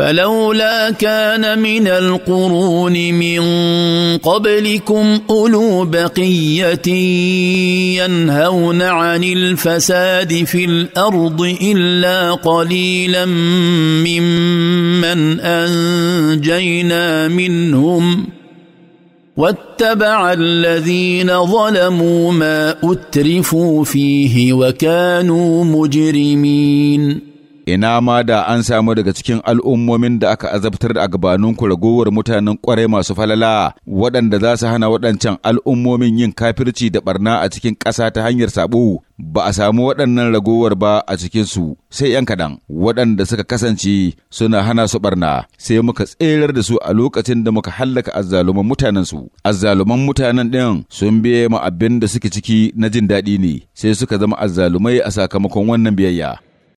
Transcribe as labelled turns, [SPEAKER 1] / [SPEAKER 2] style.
[SPEAKER 1] فلولا كان من القرون من قبلكم اولو بقيه ينهون عن الفساد في الارض الا قليلا ممن انجينا منهم واتبع الذين ظلموا ما اترفوا فيه
[SPEAKER 2] وكانوا مجرمين ina ma da an samu daga cikin al'ummomin da aka azabtar da agabanunku ragowar mutanen kwarai masu falala waɗanda za su hana waɗancan al'ummomin yin kafirci da barna a cikin ƙasa ta hanyar sabo ba a samu waɗannan ragowar ba a cikinsu sai ‘yan kaɗan waɗanda suka kasance suna hana su barna sai muka tserar da su a lokacin da muka hallaka azzaluman mutanensu azzaluman mutanen ɗin sun biye ma abin da suke ciki na jin daɗi ne sai suka zama azzalumai a sakamakon wannan biyayya